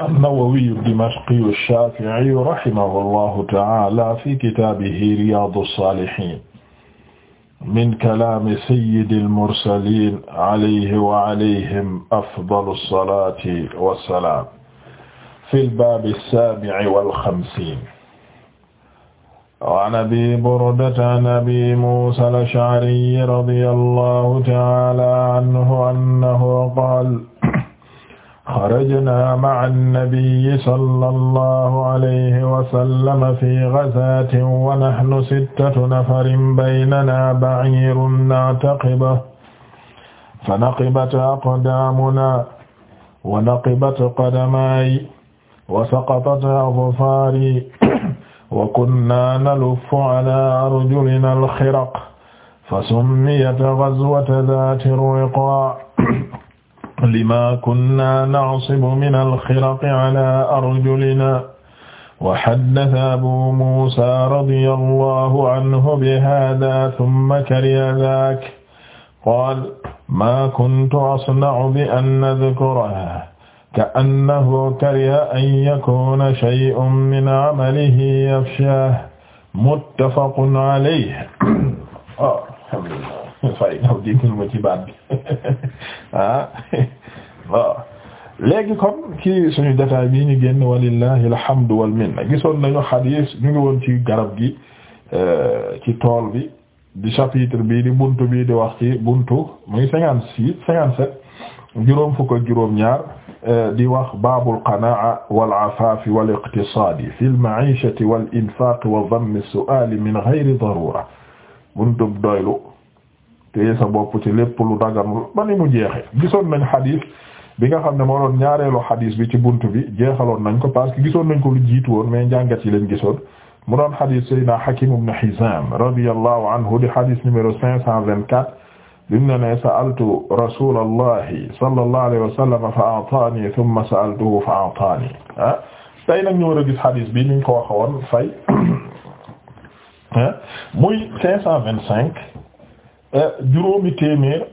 an-Nawawi ad-Dimashqi ash-Shafi'i rahimahullahu ta'ala fi kitabihi Riyadu s-Salihin min kalaami sayyidil mursaliin alayhi wa alayhim afdalu salaati wa salaam fil baabi saabi'i wal xamsiin. an Abii Burdata an Abii Muusaa al-Ash'arii radiyallaahu ta'aalaa anhu annahu qaala xarajnaa ma'a nabiyyi sallallahu alayhi wa sallam fi ghazaatin wa nahnu sittatu nafarin baynanaa ba'iirun na'taqibuhu fanaqibat aqdaamunaa wa naqibat qadamayya wa saqatat azfaarii wa kunnaa naluffu 'alaa arjulinaa al-xiraq fa summiyat ghazwatu dhaati riqaa' lima kunna na'sibu min al-xiraqi ala arjulina wa haddasa abu muusa radiyallahu anhu bi haaza summa kariha zaaka qaala maa kuntu asna'u bi an adkurahu ka'annahu kariha an yakuuna shay'un min amalihi yafshaahu muttafaqun alayhi oh, fay ñëw jégal ma baat bi ah waaw léegi kon kii suñu détail bii ñu génn walillahi alhamdu wal minna gisoon nañu xadiis ñu ngi woon ci garab gi euh, ci tool bi di chapitre bi di buntu bi di wax ci buntu muy cinquante six cinquante sept juróom fukk ak juróom ñaar euh, di wax baabul qanaa wal afaafi wal iqtisaadi fil ma'iishati wal infaaqi wa dammi su'aali min ghayri daruura buntu doylu téye sa bopp ci lépp lu daganul ba ni mu jeexe gisoon nañ xadiis bi nga xam ne moo doon ñaareelu xadiis bi ci bunt bi jeexaloon nañ ko parce que gisoon nañ ko lu jiitu woon mais njàngat yi lañ gisoon mu doon xadiis Seydina Hakim ibn Hizam radiyallahu anhu di xadiis numéro cinq cent vingt-quatre bi mu ne sa'altu rasulallahi sallallahu alayhi wa sallam fa a'tani thumma sa'altuhu fa a'tani ah tey nag ñu war a gis xadiis bi niñ ko waxoon fay ah, muy cinq cent vingt-cinq Eh, juróomi téeméer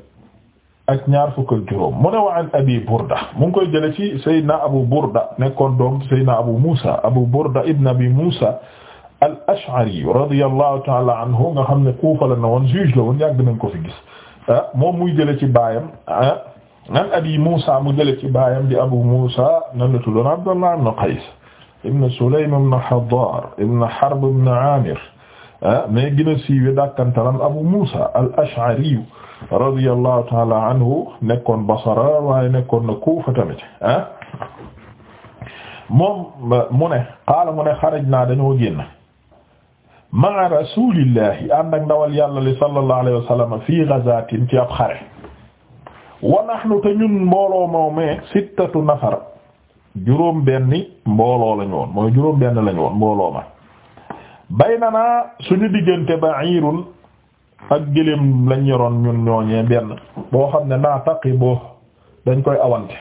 ak ñaar fukk ak juróom mu ne wa an Burda mu ngi koy jële ci Seydina Abu Burda nekkoon doom Seydina Abu Musa Abu Burda ibn Abi Musa al-Ash'ari radiyallahu ta'ala anhu nga xam ne Kufa la ne woon juge la woon yàgg nañ ko fi gis eh, moom muy jële ci baayam eh, an abi Musa mu jële ci baayam bi Abu Musa nan la tuddoon Abdullah ibn Qays ibn Sulaym ibn Hadar ibn Harb ibn Amir Ah mais gën a siiwee dakkantalam Abu Musa al-Ash'ari radiyallahu ta'ala anhu nekkoon Basra waaye nekkoon na Kufa tamit ah. moom mu ne qaala mu ne xarajnaa dañoo génn ma'a rasulillahi ànd ak ndawal yàlla li sallallahu alayhi wa sallam fii ghazaatin ci ab xare. wa nahnu te ñun mbooloo moomee sittatu nafar juróom benni mbooloo lañu woon mooy juróom benn lañu woon mbooloo ma. na baynana suñu diggante ba'irun ak gëléem lañ yoroon ñun ñooñee benn boo xam ne naataqi boo dañ koy awante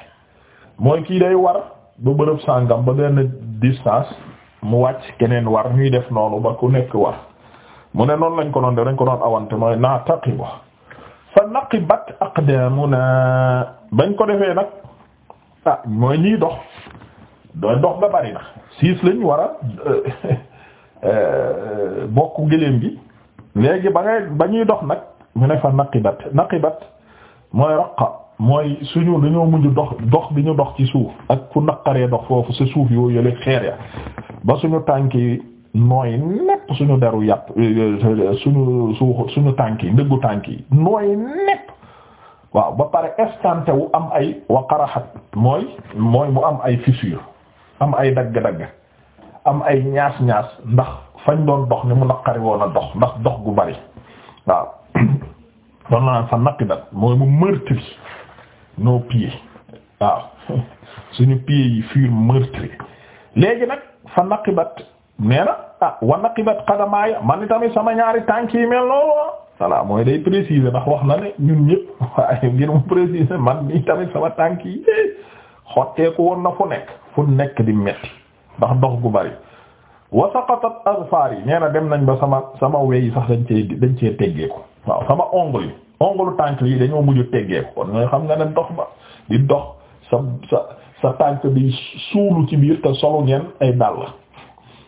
mooy kii day war ba bërëb sàngam ba benn distance mu wàcc keneen war ñuy def noonu ba ku nekk war mu ne noonu lañ ko doon def dañ ko doon awante mooy naataqi bo fa naqibat aqdamuna bañ ko defee nag ah mooy ñiy dox dox ba bari na siis lañ war a euh, Euh, bokk gëléem bi léegi ba ngay ba ñuy dox nag mu ne fa naqibat naqibat mooy raqa mooy suñu dañoo mujj dox dox bi ñu dox ci suuf ak fu naqaree dox foofu sa suuf yoo yële xeer ya ba suñu tànk yi nooy nepp suñu deru yàpp euh, euh, suñu suuf suñu tànk yi ndëggu tànk yi nooy nepp waaw ba pare escanté wu am ay wa qaraxat mooy mooy mu am ay fissure am ay dagg-dagg am ay ñaas-ñaas ndax fañ doon dox ni mu naqari woon a dox ndax dox gu bari waaw doon la naan fa naqidat mooy mu meurtri nos pieds waaw suñu pieds yi furent meurtris léegi nag fa naqibat nee na ah wa naqibat qadamaaya man tamit sama ñaari tànk yi mel loolu ah. voilà mooy day préciser ndax wax na ne ñun ñëpp waaye ngir mu préciser man mii tamit sama tànk yi xotteeku woon na fu nekk fu nekk di metti ndax ndox gu bari wa saqatat yi nee na dem nañ ba sama sama wey sax dañ cee dañ cee teggeeku waaw sama ongle yi ongle tànk yi dañoo mujj teggeeku kon ñooy xam nga ne ndox ba di dox sa sa sa tànk bi suulu ci biir te solu ngeen ay dàll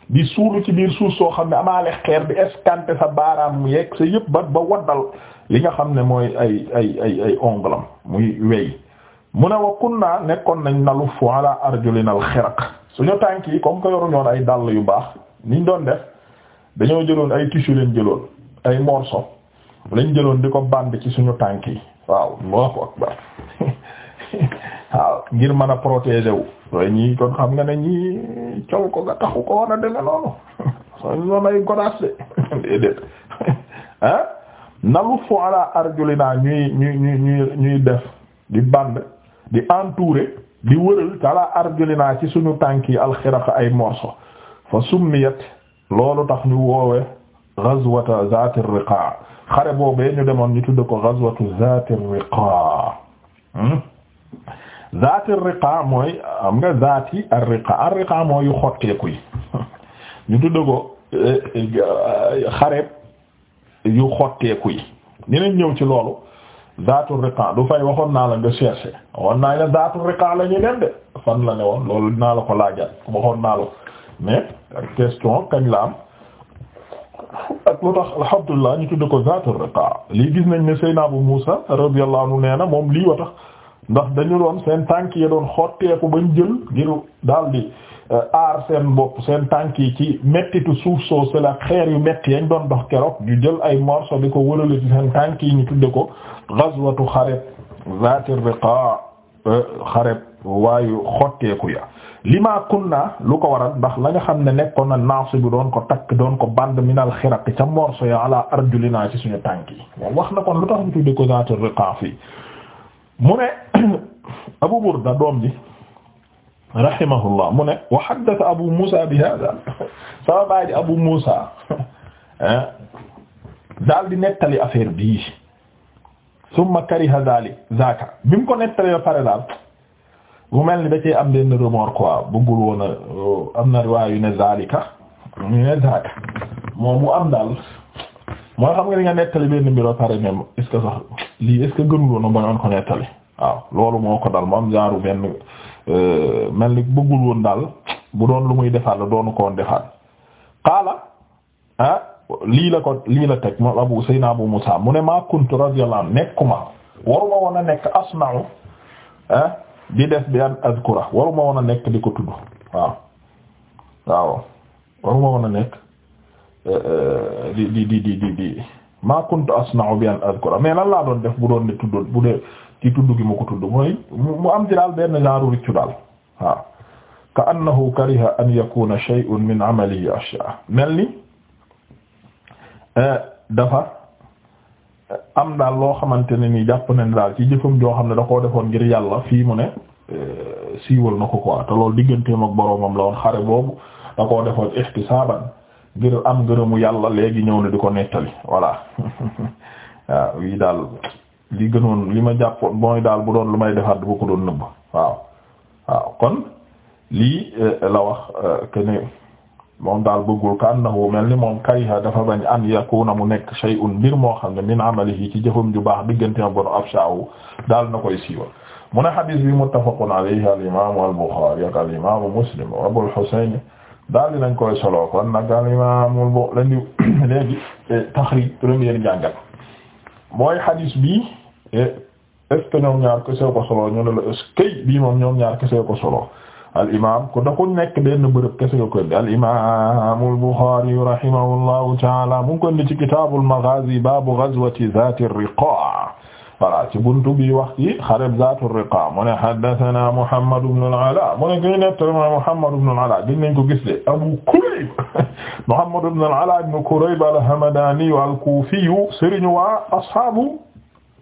di suulu ci biir suuf soo xam ne amaale xeer bi escanté sa baaraam yeeg sa yëpp ba ba waddal li nga xam ne mooy ay ay ongle am muy wey mu ne wa kunna nekkoon nañ nalu ala arjulinal xiraq suñu tànk yi comme que yoruñoon ay dàll yu baax niñ doon def dañoo jëloon ay tissu lañ jëloon ay morceau lañ jëloon di ko band ci suñu tànk yi waaw moo ngir mën a protéger wu waaye ñii kon xam nga ne ñii col ko nga taxu ko war a deme loolu soo ñoon ay godaas de déedéet ah naluf ala arjulina ñuy ñuy ñuy ñuy def di band di entourer di wëral tala arjulinaa ci suñu tànk yi alxiraqa ay morso fa summiyat loolu tax ñu woowe ghazwata zaati riqa xare boobee ñu demoon ñu tudd ko ghazwatu hmm? zaati riqa mooy am nga zaati ar-riqa mooy yu xotteeku yi ñu tudd ko eh, eh, xare yu xotteeku yi dinañ ñëw ci loolu zaatul riqa du fay waxoon naa la nga cherché waxoon naa la zaatul riqa la ñu dem de fan la ne woon loolu dinaa la ko laajal waxoon naa la mais question kañ la am ak lu tax alhamdulilah ñu tudd ko lii gis nañ ne Seydina Abu Muusa radiyallahu anhu nee na moom lii wa tax ndax dañu doon seen tànk ye doon xotteeku bañ jël ngir daal di Euh, aar seen bopp seen tànk yi ci mettitu suuf soo sela xeer yu metti yañ doon dox kerook ñu jël ay morceau di ko wërale seen tànk yi ñu tudde ko ghazwatu xareb zaati riqa euh, xareb waayu xotteeku ya lima kunna lu ko waral ndax la xam ne nekkoon na naasu bu doon ko takk doon ko band minal xiraq ca morceau ya ala arjulina ci suñu tànk yi moom wax na kon lu tax ñu tudde ko zaati riqa fii mu ne Abu Burda doom ji rahimahullah mu ne wa haddatha Abu Musa bi hada sama baay di Abu Musa ah, daal di nettali affaire bii summa kariha zalik zaka bi mu ko nettali ba pare daal bu mel ni da cee am benn remords quoi bëggul woon a uh, am na riwaay yu ne zalika yu ne zaka moom mu am daal moo xam nga ni nga nettali benn mbir ba pare même est ce que sax lii est ce que gënul woon a bañoon ko nettali waaw loolu moo ko dal mu am genre benn Euh, mel ni bëggul woon daal bu doon lu muy defaat la doonu ko woon defaat qaala ah lii la ko lii la teg moom abu sayna abu musa mu ne maa kuntu radiyallahu anhu nekkuma waruma woon a nekk asna'u ah di def bi an azkura waruma woon a nekk di ko tudd waaw eh, eh, di di di di di maa kuntu bi an azkura mais lan laa doon def bu doon ne tudd bu dee ci tudd gi mu ko tudd mooy mu am ci daal benn genre riccu daal waaw ka annahu kariha an yakuna shay'un min amalihi ashya mel ni eh, dafa eh, am daal loo xamante ne nii jàpp nañ daal ci jëfam joo xam ne da koo defoon ngir yàlla fii mu ne eh, siiwal na ko ko te loolu digganteem ak boroomam la woon xare boobu da koo defoon ihtisaaban ngir am ngërëmu yàlla léegi ñëw na di ko nettali voilà waaw yi daal li gënoon li ma jàppoon mooy daal bu doon lu may defad bu ko doon nëbb waaw waaw kon lii eh, la wax eh, que ne moom daal bëggul ka annahu mel ni moom kariha dafa bañ an yakuna mu nekk shay'un mbir moo xam ne min amalihi ci jëfam ju baax diggante ma bon abshaawu daal na koy siiwa mu ne xadis bi muttafaqun alayhi al imaamu al buxaari ak al imaamu muslim abul husayn daal di nañ koy solo kon nag al imaamu bu leen di léegi eh, taxrij première jàngat mooy xadis bi. Eh, est ce que ñoom ñaar kese ko solo ñu ne la est ce que bii moom ñoom ñaar kese ko solo al imaam ku doxul nekk benn bërëb kese ko koy al imaam al Buxaari rahimahullahu ta'ala mu ngi ko indi ci kitaabul maghaazi baabu ghazwati zaati riqaa voilà ci buntu bi wax ci xareb zaatu riqaa mu ne haddasanaa Muhammad ibn al-Alaa mu ne kay nettali mu ne Muhammad ibn al-Alaa gis nañ ko gis de Abu Kurayb Muhammad ibn al-Alaa ibn Kurayb al-Hamdaani al-Kuufi sëriñ waa ashaabu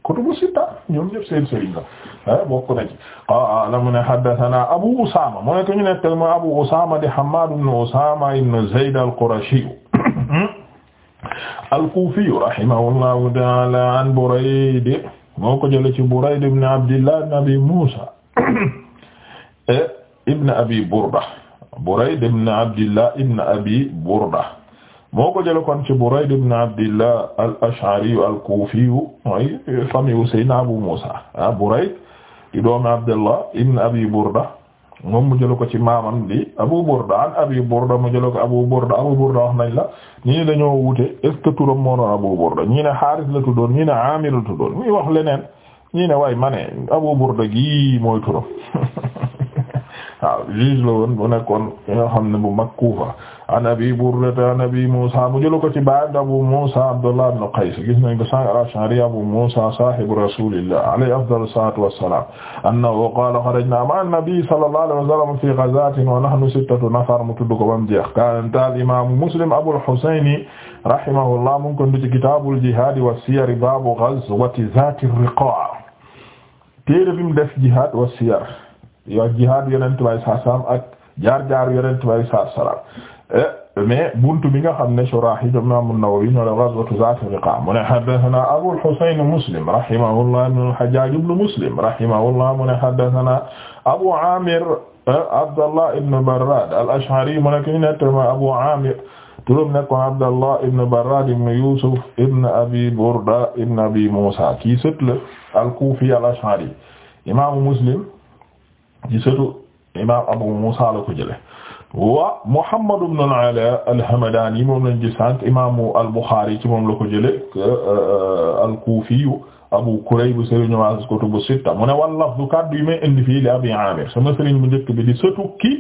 kutubu sitta ñoom ñëpp seen sëriñ la ah, bokk na ci qaala mu ne haddathana Abu Usaama mu ne ko ñu nettal mooy Abu Usaama di Hammaad ibn Usaama ibn Zayd al-Qurashi al-Kufi rahimahullahu ta'ala an Burayd moo ko jëlee ci Burayd ibn Abdillah ibn Abi Muusa eh, ibn Abi Burda Burayd ibn Abdillah ibn Abi Burda moo ko jëlee kon ci Burayd ibn Abdillah al-Ash'ari al-Kufi mooy euh, famille u Seydina Abu Muusa ah Burayd di doomi Abdullah ibn Abi Burda moom mu jëla ko ci maamam di Abu Burda an Abi Burda mu jëla ko Abu Burda Abu Burda wax nañ la ñii dañoo wute est-ce que turam moo doon Abu Burda ñii ne Haaris la tuddoon ñii ne Aamir la tuddoon ñii wax leneen ñii ne waay ma ne Abu Burda gii mooy turam waaw juge la woon bu nekkoon ñoo xam ne bu mag Kuufa an abi Burda an abi Musa mu jël ko ci baayam Abu Musa Abdullah ibn Qays gis nañ ko sànq al-Ash'ari Abu Musa sahibu rasulillah alayhi afdalu salatu wassalam annahu qala kharajna ma'a an-nabi sallallahu alayhi wa sallam fi ghazatin wa nahnu sittatu nafar mu tudd ko bam jeex kanta al-imam Muslim Abu al-Husayn rahimahullah mu ngi ko ci kitabul jihad wa siyar babu ghazwati zati riqa' téere bi mu def jihad wa siyar yo jihad yonent bay sa salam ak jaar jaar yonent bay sa salam Eh, mais buntu bi nga xam ne shuraax yi imaam an-Nawawi ñoo la ghazwatu zaatil riqaa mu ne haddathanaa Abul Husayn Muslim rahimahullah ibn al-Hajjaaj ibn Muslim rahimahullah mu ne haddathanaa Abu Aamir eh, Abdallah ibn Barraad al-Ash'ari mu ne ki ñu nettali ma Abu Aamir turam nekkoon Abdallah ibn Barraad ibn Yuusuf ibn Abi Burda ibn Abi Muusaa kii sët la al-Kuufi al-Ash'ari imaamu Muslim ci sëtu imaam Abu Muusaa la ko jëlee wa Muhammad ibn al-Ala al-Hamdani moom lañ gis sant imaamu al-Bukhari ci moom la ko jëlee euh, euh, al-Kufi Abu bu sëriñ wa kutubu sitta mu ne wal lafdu kaddu yi may indi fii li Abi Amir sama sëriñ bu njëkk bi di sëtu ki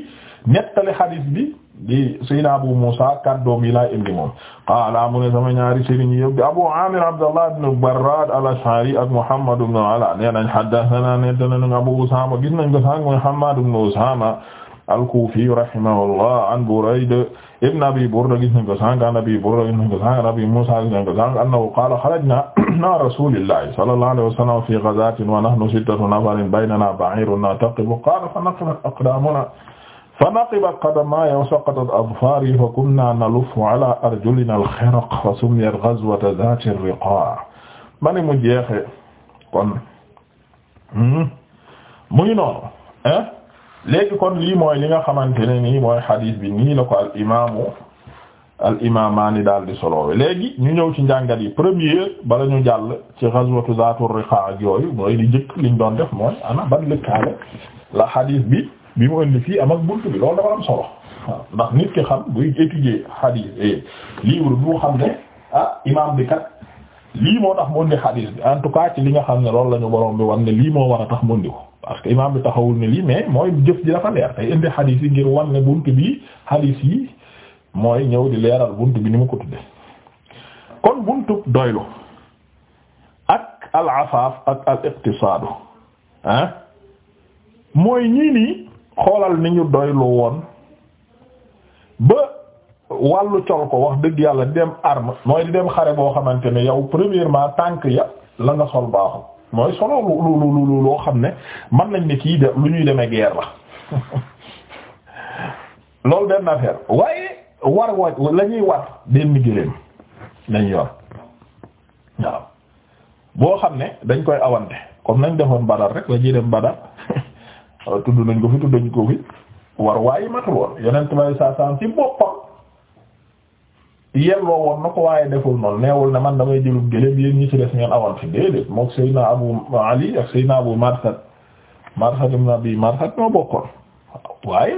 nettali hadith bi di Sayyidina Abu Musa kaddoom yi laa indi moom qaala mu ne sama ñaari sëriñ yëpp di Abu Amir Abdullah ibn Barrad al-Ash'ari ak Muhammad ibn al-Ala nee nañ haddathana nee nañ Abu Usama gis nañ ko sànq Muhammad ibn Usama al-Kufi rahimahullah an Burayd ibn Abi Burda gis nañ ko sànq an Abi Burda gis nañ ko sànq an Abi Musa gis nañ ko sànq annahu qala kharajna ma'a rasulillahi sallallahu alayhi wa sallam fi ghazatin wa nahnu sittatu nafarin baynana ba'irun nattaqibu qala fanaqibat aqdamuna fanaqibat qadamaya wa saqatat adfari fakunna naluffu ala arjulina al-khiraq fa summiyat ghazwata dhati ar-riqa' ma ne mu jeexe kon hmm, mu ngi noonu léegi kon lii mooy li nga xamante ne nii mooy xadiis bi nii la ko al imaamu al imaamaani daal di soloowe léegi ñu ñëw ci njàngat yi premier bala ñu jàll ci ghazwatu zaatur riqaa ak yooyu mooy di jëkk liñ doon def mooy ana ban lëkkaale la xadiis bi bi mu indi fii am ak bunt bi loolu dafa am solo ndax nit ki xam buy étudier xadiis eh, livre bu xam ne ah imaam bi kat lii moo tax mu indi xadiis bi en tout cas ci li nga xam ne lool la ñu borom bi war ne lii moo war tax mu indi ko parce que imaam bi taxawul ne lii mais mooy jëf ji dafa leer tey indi xadiis yi ngir wan ne bunt bi xadiis yi mooy ñëw di leeral bunt bi ni mu ko tudde kon buntu doylu ak al afaaf ak al iqtisaadu ah mooy ñii nii xoolal ni ñu doylu woon ba wàllu col ko wax dëgg yàlla di dem arme mooy di dem xare boo xamante ne yow premièrement tànk ya la nga sol baaxul mooy solo lu lu lu loo xam ne man nañ ne kii de lu ñuy demee guerre la loolu benn affaire waaye war waaj la ñuy war benn gëléem lañ yor waaw boo xam ne dañ koy awante comme nañ defoon badar rek la ñuy dem badar tudd nañ ko tudd nañ ko fi war waaye matul woon yeneen tubaab saa saa ci boppam. yelloo woon na ko waaye deful noonu neewul ne man damay jëlub gëléem yéen ñi ci des ngeen awal fi moo mook Seydina Abu Ali ak Seydina Abu Marsad Marsad ibn Abi Marsad ñoo bokkoon waaye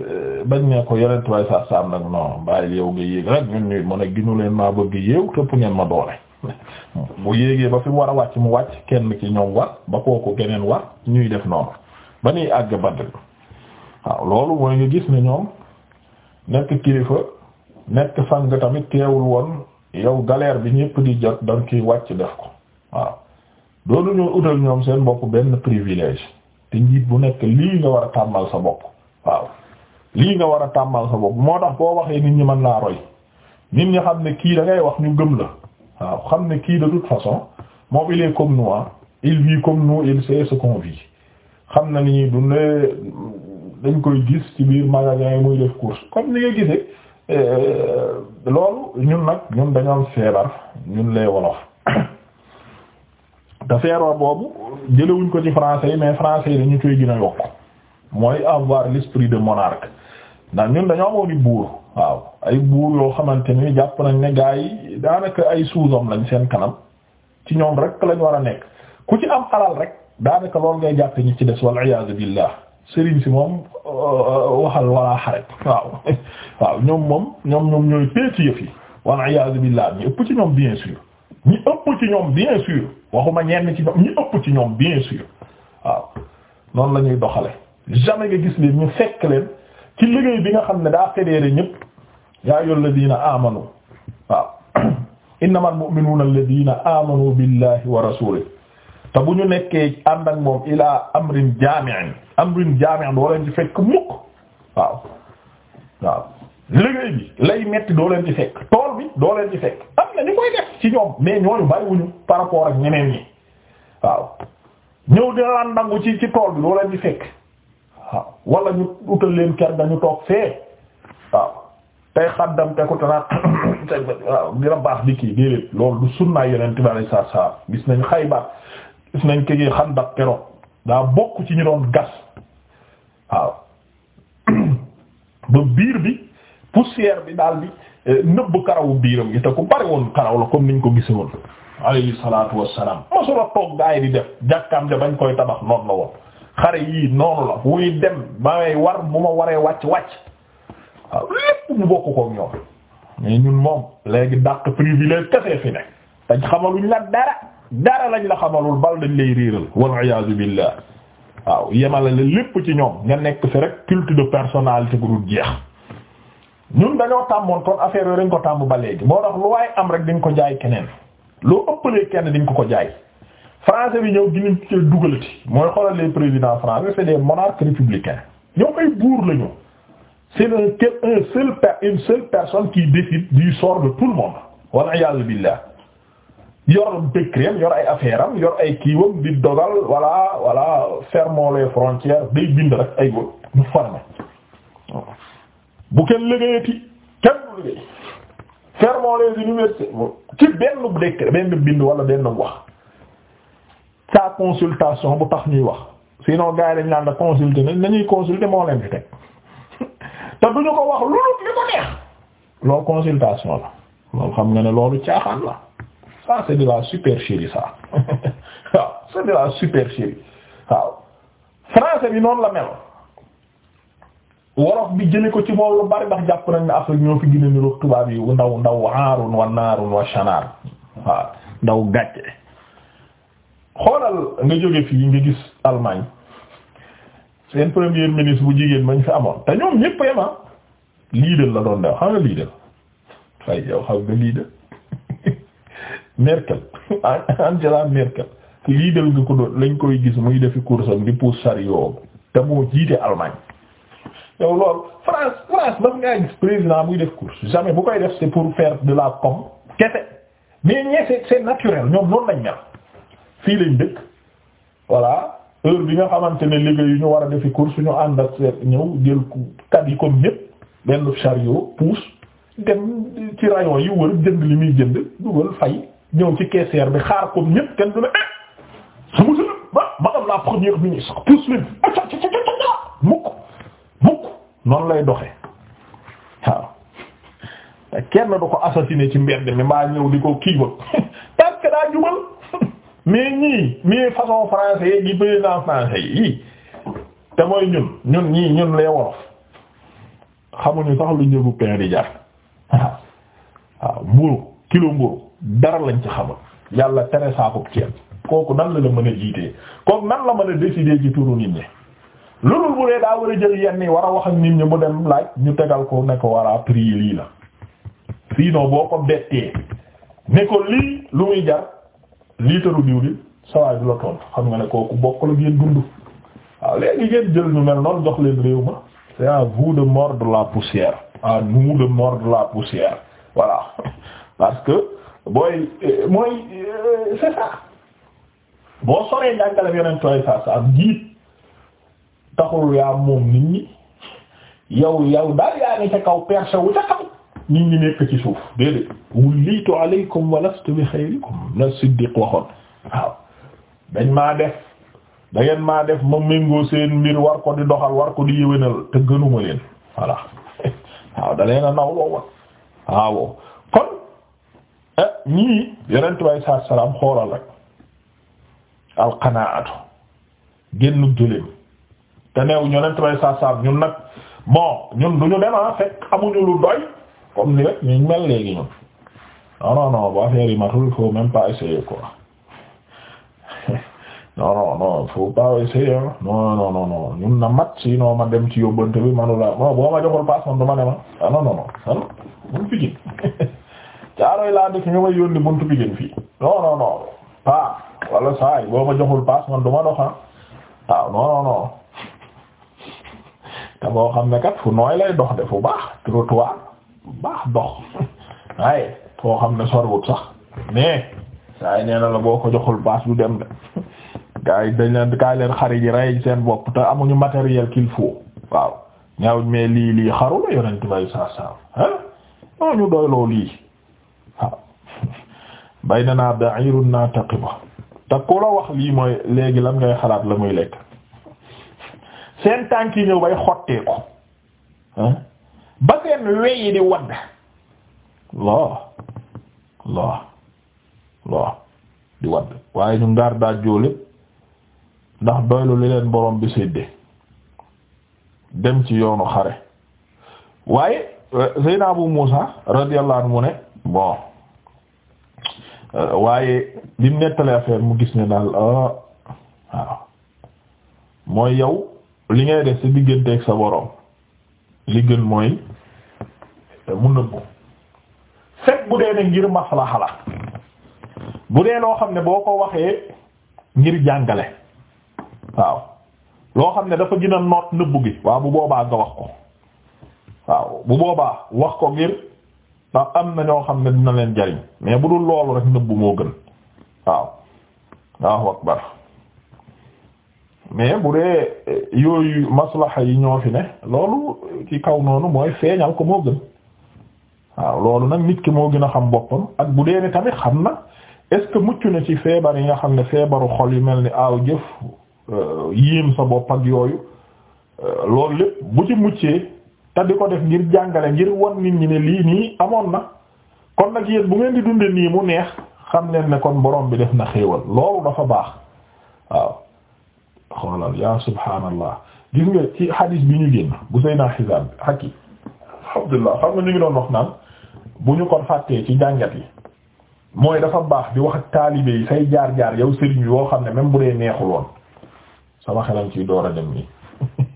euh, bañ ne ko yeneen tubaab saa saa nag non bàyyi yow nga yéeg rek ñun ñu mën a ginu leen maa bëgg yéew tëpp ngeen ma doole. bu yéegee ba fi mu war a wàcc mu wàcc kenn ci ñoom war ba ko geneen war ñuy def noonu ba ñuy àgg Badr waaw loolu mooy nga gis ne ñoom nekk kilifa. nekk sang tamit teewul woon yow galère bi ñëpp di jot danga ciy wàcc def ko waaw doonu ñoo utal ñoom seen bopp benn privilège te njiit bu nekk lii nga war a tàmmal sa bopp waaw lii nga war a tàmbal sa bopp moo tax boo waxee nit ñi mën laa roy nit ñi xam ne kii da wax ñu gëm la waaw xam ne kii de toute façon moom il comme nous il vit comme nous il sait ce qu'on xam na ni dundee dañ koy gis ci biir magasin yi muy def course comme ni nga gisee. Euh, loolu ñun nag ñun dañoo am feebar ñun lay wolof te feebar boobu jëlewuñ ko ci français yi mais français yi dañu koy gën a yokk mooy avoir l'esprit de monarque ndax ñun dañoo amoon i buur waaw ay buur yoo xamante ni jàpp nañ ne gaa yi daanaka ay suusam lañ seen kanam ci ñoom rek lañ war a nekk ku ci am alal rek daanaka loolu ngay jàpp ñi ci des wal iyaazu billah sëriñ si moom euh, waxal wala xaret waaw waaw ñoom moom ñoom ñoom ñooy peeti yëf yi wal iyaazu billaah ñi ëpp ci ñoom bien sûr ñi ëpp ci ñoom bien sûr waxuma ñenn ci ñoom ñi ëpp ci ñoom bien sûr waaw noonu la ñuy doxale jamais gis leen ñu fekk leen ci liggéey bi nga xam ne daa fédéré ñëpp yaa ayyuhal ladiina aamanu waaw innamal mu'minuuna alladiina aamanuu billaahi wa rasuulihi te bu ñu nekkee ànd ak moom ilaa amrin jaami'in amrin jaami'in doo leen ci fekk mukk waaw waaw liggéey bi lay metti doo leen ci fekk tool bi doo leen ci fekk am na ñu koy def ci ñoom mais ñooñu bàyyiwuñu par rapport ak ñeneen ñi waaw ñëw dina laan nangu ci ci tool bi doo leen ci fekk waaw wala ñu utal leen ker nga ñu toog fee waaw tey xaddam te ko tanaa waaw dina baax di kii déedéet loolu du sunnaay yeneen tibe alay saa saa gis nañu Xaybar gis nañ ko gi xandak keroog daa bokk ci ñu doon gas waaw ba biir bi poussière bi daal bi eh, nëbb karawu biiram gi te ku bari woon karaw la comme niñ ko gise woon alayhi salaatu wassalaam masula toog gaay di def jàkkaam ja bañ koy tabax noonu la woon xare yii noonu la muy dem ba may war bu ma waree wàcc wàcc waaw lépp mu bokk kook ñoom mais ñun moom léegi dàq privilège kese fi nekk te xamaluñ la dara dara lañ la xamalul bal dañ lay réeral wal iyaazu billah waaw yemale la lépp ci ñoom nga nekk fi rek culte de personnalité bu dul jeex ñun dañoo tàmmoon kon affaire yooyu dañ ko tàmm ba léegi moo tax lu waaye am rek dañ ko jaay keneen loo ëppalee kenn dañ ko ko jaay français bi ñëw ginañ ci dugalati mooy xoolal les présidents français c'est des monarques républicains ñoom ay buur lañu c'est un un seul une seule personne qui décide du sort tout le monde wal iyaazu billah yor décret yor ay affaire am yor ay kiiwam di dogal voilà voilà fermons les frontières day bind rek ay wël ñu farme bu kenn liggéeyati kenn du liggéey fermons les universités ci benn benn bind wala benn wax sa consultation bu tax ñuy wax sinon gars yi dañ naan la nañuy consulter moo leen fi teg te duñu ko wax lu lu li ko neex loolu consultation la loolu xam nga ne loolu caaxaan la ça c'est de la supercherie ça waaw c'est waaw français bi noonu la mel wolof bi jële ko ci moom lu bari ndax jàpp nañ ne Afrique ñoo fi gën a niroog tubaab yi ndaw ndaw aarun wa naarun wa shanaar waaw ndaw gàcce xoolal nga jóge fii nga gis Allemagne seen premier ministre bu jigéen mañ fi amoon te ñoom ñépp yema ah. leader la doon def xam nga leader fay yow xam nga leader Merkel Angela Merkel liidal nga ko doon lañ koy gis muy defi course am di pousse chariot te moo jiite Allemagne yow loolu France France lan ngaa gis président muy def course jamais bu koy def c'est pour faire de la pomme kese mais ñee c'est c'est naturel ñoom noonu lañ mel fii lañ dëkk voilà heure bi nga xamante ne liggéey yu ñu war a defi course ñu ànd ak ñëw jël kat yi comme ñëpp benn chariot pousse dem ci rayon yi wër jënd li muy jënd dugal fay ñëw ci caissière bi xaar ko ñëpp kenn du ne mukk mukk noonu lay doxe waaw kenn du ko assassiné ci mbedd mi maa ñëw di ko kii ba parce daa jubal mais ñii mais façon français yi président français yi te mooy ñun ñun ñii ñun les wolof xamuñu sax lu njëgu pain di jar waaw waaw mburu kilo mburu dara lañ ci xamul yàlla tere saakub ceeb kooku nan la la mën a jiitee kooku nan la mën a décider ci turu nit ñi loolu bu dee daa war a jël yenn yi war a wax ak nit ñi mu dem laaj ñu tegal ko ne ko war prix lii la sinon boo ko bettee ne ko lii lu muy jar lii tëru diw la tontu xam nga ne kooku bokk la ngeen dund waaw léegi ngeen jël ñu mel noonu jox leen réew ma c'est à vous de mordre la poussière à nous de mordre la poussière voilà parce booy mooy c'est ça boo soree njàngalem yoneen toy sa sa am jiit taxul yaa moom nit ñi yow yow daal yaa ne ca kaw perché wu ca kaw nit ñi nekk ci suuf déedéet wullitu alaykum wa lastu bi xayrikum la siddiq waxoon waaw dañ maa def da ngeen maa def ma méngoo seen mbir war ko di doxal war ko di yéwénal te gënuma leen voilà waaw da leen a naw loo woon waaw kon Eh, ñii yonent bay saa salaam xoolal rek alqanaatu génnu gëléem te neew yonent bay saa salaam ñun nag bon ñun du ñu dem ah fekk amuñu lu doy comme ni rek ñu mel léegi ñun non non non ba affaire yi matul il faut même pas essayer quoi non non non faut pas essayer ah non non non non ñun na mat si non ma dem ci yóbbante bi manula non boo ma joxul paas man du ma dem ah, ah non non non ah non ñun fi caaroy laa dëkk nga may yónni buntu bi gën fii non non non pas wala saa yi boo ma joxul paas man du dox ah. waaw non boo xam ne kat fu nooy dox de fu baax baax dox waaye foo xam ne sorwut sax mais saa na la boo ko joxul paas du dem de gars yi dañ leen kaay leen xari ji rey seen bopp te amuñu matériel qu'il faut waaw ñaaw mais lii lii xaru ah. lii. waaw baynana ba'irun nataqibu te ku la wax lii mooy léegi lan ngay xalaat la muy lekk seen tànk yi ñëw bay xottee ko ba seen weyi di wadd loo loo loo di wadd waaye ñu ngaar daa jóole ndax doylu li leen borom bi séddee dem ci yoonu xare waaye eh, Seydina Abu Muusa radiyallahu anhu mu ne bon euh, waaye li mu nettali mu gis ne daal ah, waaw mooy yow li ngay def ci digganteeg sa boroom li gën mooy euh, mu nëbbu fekk bu dee ne ngir maslaha la bu dee loo xam ne boo ko waxee ngir jàngale waaw loo xam ne dafa gën a noot nëbbu gi waaw bu boobaa nga wax ko waaw bu boobaa wax ko ngir. ndax am na ñoo xam ne dina leen jariñ mais bu dul loolu rek nëbbu moo gën waaw waaw akbar mais bu dee yooyu maslaha yi ñoo fi ne loolu ci kaw noonu mooy feeñal ko moo gën waaw loolu nag nit ki moo gën a xam boppam ak bu dee ne tamit xam na est-ce que mucc na ci feebar yi nga xam ne feebaru xol yu mel ni aw jëf euh, yiim sa bopp ak yooyu euh, loolu lépp bu ci muccee te di ko def ngir jàngale ngir won nit ñi ne lii nii amoon na kon nag yéen bu ngeen di dunde nii mu neex xam leen ne kon borom bi def na xéewal loolu dafa baax waaw xoolal ya subhaanallah gis nga ci hadis bi ñu génn bu sëy xisaab bi hakki alhamdulillah xam nga ñu ngi doon wax naan bu ñu kon fàttee ci jàngat yi mooy dafa baax di wax ak taalibe yi say jaar-jaar yow sëriñ bi yoo xam ne même bu dee neexuloon sama xelam ciy door a dem nii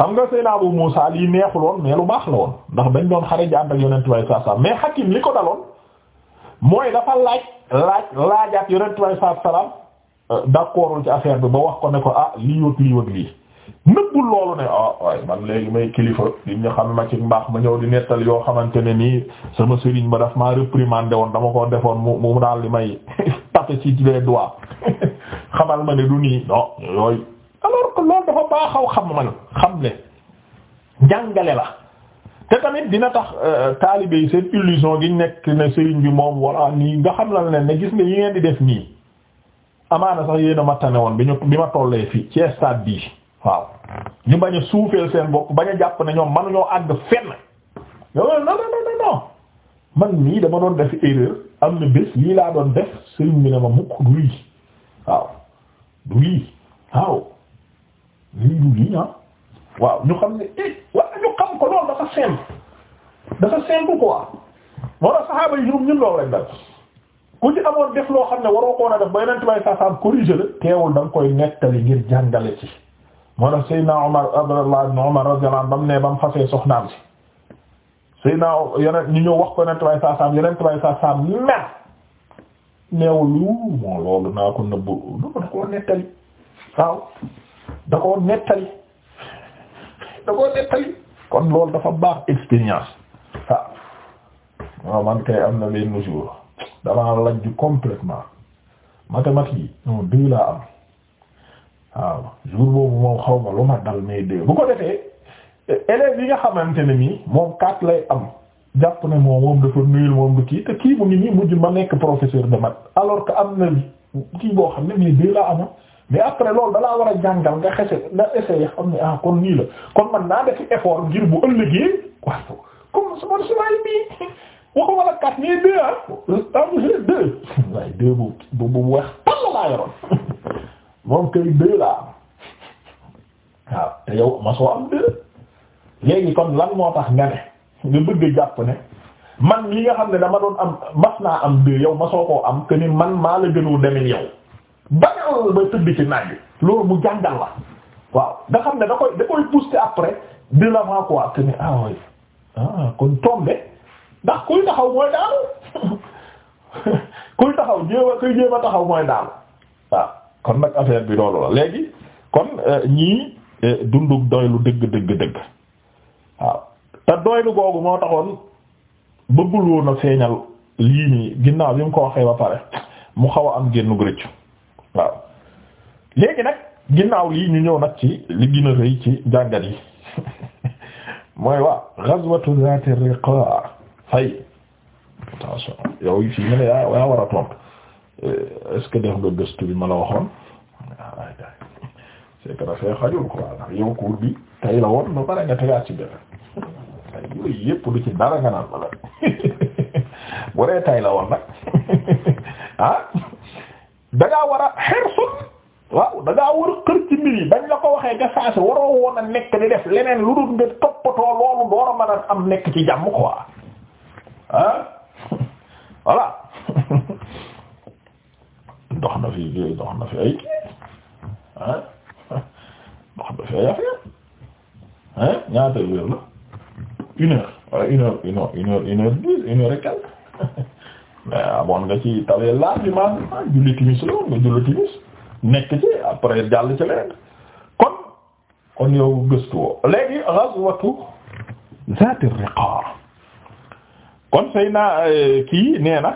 xam nga Seydina Abu Muusa lii neexul woon mais lu baax la woon ndax dañ doon xare ji ànd ak yonent saa salaam mais li ko daloon mooy dafa laaj laaj laajaat yonent way saa salaam d'accordul ci affaire bi ba wax ko ne ko ah lii wëg lii wëg nëbbul loolu ne ah waaye man léegi may kilifa di ñu xam ma ci mbaax ma ñëw di nettal yoo xamante ne nii sama sëriñ ba daf maa réprimander woon dama ko defoon mu mu daal di may tapé ci les doigts xamal ma ne du nii non alors que loolu dafa baaxaw xam man xam le njàngale la te tamit dina tax euh, taalibe yi seen illusion gi nekk ne sëriñ bi moom walla nii nga xam la leen ne gis nga yi ngeen di def nii amaana sax yéen a ma woon bi ñu bi ma tollee fii ci stade bii waaw ñu bañ a suufeel seen bopp bañ a jàpp ne ñoom manuñoo àgg fenn yow non non non man nii dama doon def erreur am na bés lii laa doon def sëriñ bi ne ma mukk du lii waaw du lii waaw. lii du lii ah waaw ñu xam ne eh waaw ñu xam ko loolu dafa simple dafa simple quoi moo tax saxaaba yi ñoom ñun loolu lañ dal ku ci amoon def loo xam ne waroo ko woon a def ba yeneen tubaab sasam corrigé la teewul da nga koy nettali ngir jàngale ci moo tax Seydina Omar Abdallah ibn Omar radiyallahu anhu ba mu ne ba mu fasee soxnaam si Seydina yeneen ñu ñëw wax ko yeneen tubaab sasam yeneen tubaab sasam mer neewul lu moo loolu naa ko nëbbu lu ko da koo nettali waaw. da koo nettali da koo nettali kon loolu dafa baax expérience ah waaw man kay am na benn jour damaa lajju complètement mathématique yi non deux laa am waaw jour boobu moom xaw ma lu ma dal mais deux bu ko defee élèves yi nga xamante ne nii moom quatre lay am jàpp ne moom moom dafa nuyul moom du kii te kii mu ngi nii mujj ma nekk professeur de maths alors que am na kii boo xam ne mais deux laa ama mais après loolu dalaa war a jàngal nga xese nga essayé xam ne ah kon nii la kon man naa def effort ngir bu ëllëgee waaw comme su man sumaay bii waxu wala kat nii ah, ah, deux waaye deux bu bu bu weex tàll laa yoroon moom kay deux laa am waaw te yow ma soo am deux léegi kon lan moo tax nga ne nga bëgg jàpp ne man li nga xam ne dama doon am mas naa am deux yow ma soo koo am que man maa la gënoo demin yow bañal la ba tëdd ci naaj loolu mu jàngal la waaw nga xam ne da koy da koy booster après de l'avant quoi que ne ah oui ah kon tombé ndax kuy taxaw mooy daanu kuy taxaw jéem a kuy jéem a taxaw mooy daanu waaw kon nag affaire bi loolu la léegi kon euh, ñii euh, dundug doylu dëgg dëgg dëgg waaw te doylu googu moo taxoon bëggul woon a feeñal lii nii ginnaaw bi mu ko waxee ba pare mu xaw a am génn rëccu léegi nag ginnaaw lii ñu ñëw nag ci li gën a ci jàngat yi mooy waa ghazwatu zaati riqa fay attention yow fii nga ne yaa yaa war a tontu euh, est-ce que def nga gëstu bi ma la waxoon c'est que dafay xajul quoi ndax yow cours bi tay la woon ba pare nga tegaat ci beneen tay yooyu ci dara nga naan bala bu dee tay la woon nag ah dangaa a waaw da ngaa war a xër ci mbir yi bañ la ko waxee nga saa si waroo woon a nekk di def leneen lu dul nga toppatoo loolu door a mën am nekk ci jàmm quoi ah voilà dox na fi kii dox na fi ay kii ah, ah. ñaata wér la une heure wala une heure une heure une heure mais amoon nga ci tawee laaj bi maanaam julli timis la woon nga julli timis nekk ci après jàll ci kon kon yow gëstu woo léegi ghazwatu zaat kon say naa eh, kii nee na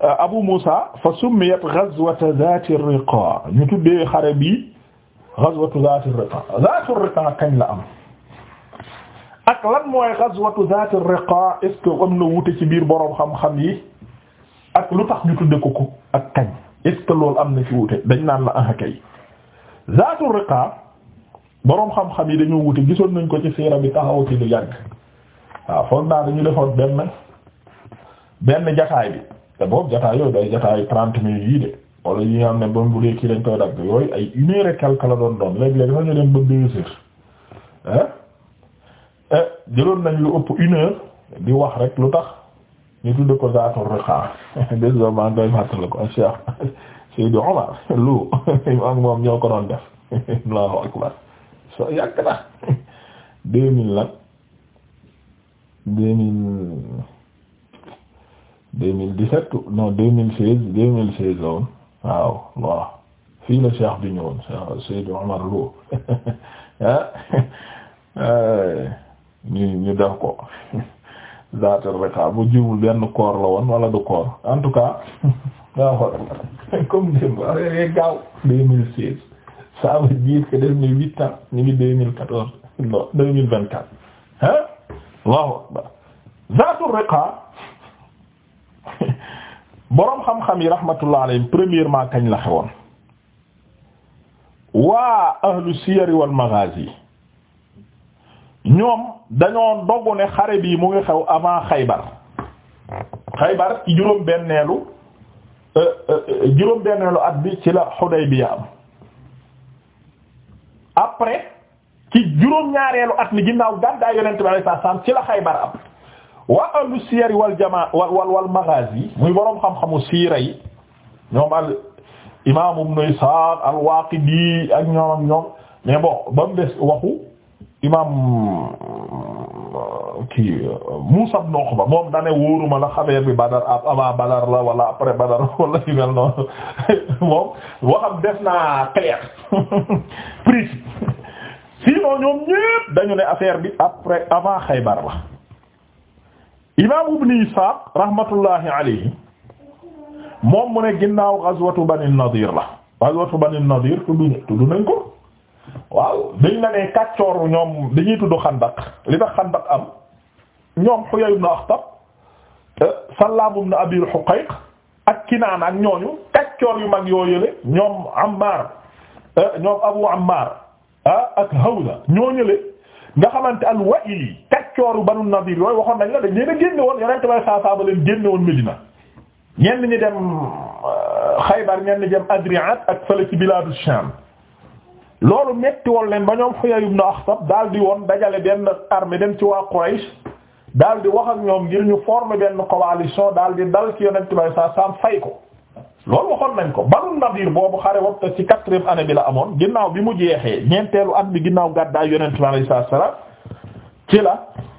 eh, Abu Musa fa summiyat ghazwatu zaat ar-riqaar ñu tuddee xare bi ghazwatu zaat ar-riqaar zaat la am ak lan mooy ghazwatu zaat ar-riqaar est-ce que am na ci biir boroom xam yi ak lu tax ñu tudde ko ak kañ est-ce loolu am na ci wute dañ naan la ah kay zaatul riqaab boroom xam-xam yi dañoo wuti gisoon nañ ko ci siira bi taxaw ci lu yàgg waaw foog naa dañu defoon benn benn jataay bi te boobu jataay yooyu day jataay trente minutes yii de wala yi nga xam ne bam bu dee kii dañ koy dagg yooyu ay une heure et quelque la doon doon léegi-léegi sax ñu dem ba deux heures ah jëloon nañ lu ëpp une di wax rek lu tax ñu tudd ko Zaatul Riqaa bés ba maa ngi koy fàttali ko Cheikh Seydou Omar lu ak moom ñoo ko doon def Allahu akbar so yàgg na deux mille lan deux mille deux mille dix-sept non deux mille seize deux mille seize la woon waaw fii la Cheikh bi ñëwoon Seydou Omar lu ah ñu ñu def ko. zaatul riqa bu jiwul benn koor la woon wala du koor en tout cas daa xool comme démb waaye gaaw 2016 ça veut dire que def na huit ans ñu ngi 2014 non 2024 hein Allahu akbar zaatul riqa boroom xam-xam yi rahmatullah alayhim kañ la xewoon waa ahlu siyar wal maghazi ñoom dañoo dogu ne xare bii mu ngi xew avant xaybar xaybar ci juróom benneelu euh, euh, juróom benneelu at bi ci la Hudaybiya am après ci juróom ñaareelu at mi ginnaaw gàddaay yonent bi alayhi salaam ci la xaybar am waa ahlu siyar wal jamaa wal wal muy boroom xam-xamu siira yi ñoom al imaam Ibn Isaaq al Waaqidi ak ñoom ak ñoom mais bon ba mu waxu imam euh, kii euh, Muusa ibn Uqba moom dane wóoruma la xabeer bi Badar ab avant wala après Badar wala yu noonu moom waxam def naa clair ñoom ñépp dañu ne affaire bi après avant Xaybar la imam Ibn rahmatullahi alayhi moom mu ne ginnaaw ghazwatu Bani Nadir la Bani Nadir tuddu tuddu nañ waaw dañ la ne kàccoor ñoom dañuy tudd xandak li tax xandak am ñoom Huyay ibn Akhtab eh, Sallaam ibn Abil Huqayq ak Kinaan ak ñooñu kàccoor yu mag yoo yële ñoom Ammar eh, ñoom Abu Ammar ah, ak Hawza ñoo ñële nga xamante al-Wa'ili kàccooru Banu Nadir yooyu waxoon nañ la dañ leen a génne woon Yonent bay saa saa ba leen génne woon Medina ñenn ñi dem eh, Xaybar ñenn ñi dem Adriat ak fële ci bilaadu Sham loolu metti woon leen ba ñoom Huyay ibn Akhtab daal di woon dajale benn armée dem ci waa Quraysh daal di wax ak ñoom ngir ñu former benn coalition daal di dal ci yonent bi saa saam fay ko loolu waxoon nañ ko Banu Nadir boobu xare wopta ci quatrième année bi la amoon ginnaaw bi mu jeexee ñeenteelu at bi ginnaaw gàddaay yonent bi saa salaam ci la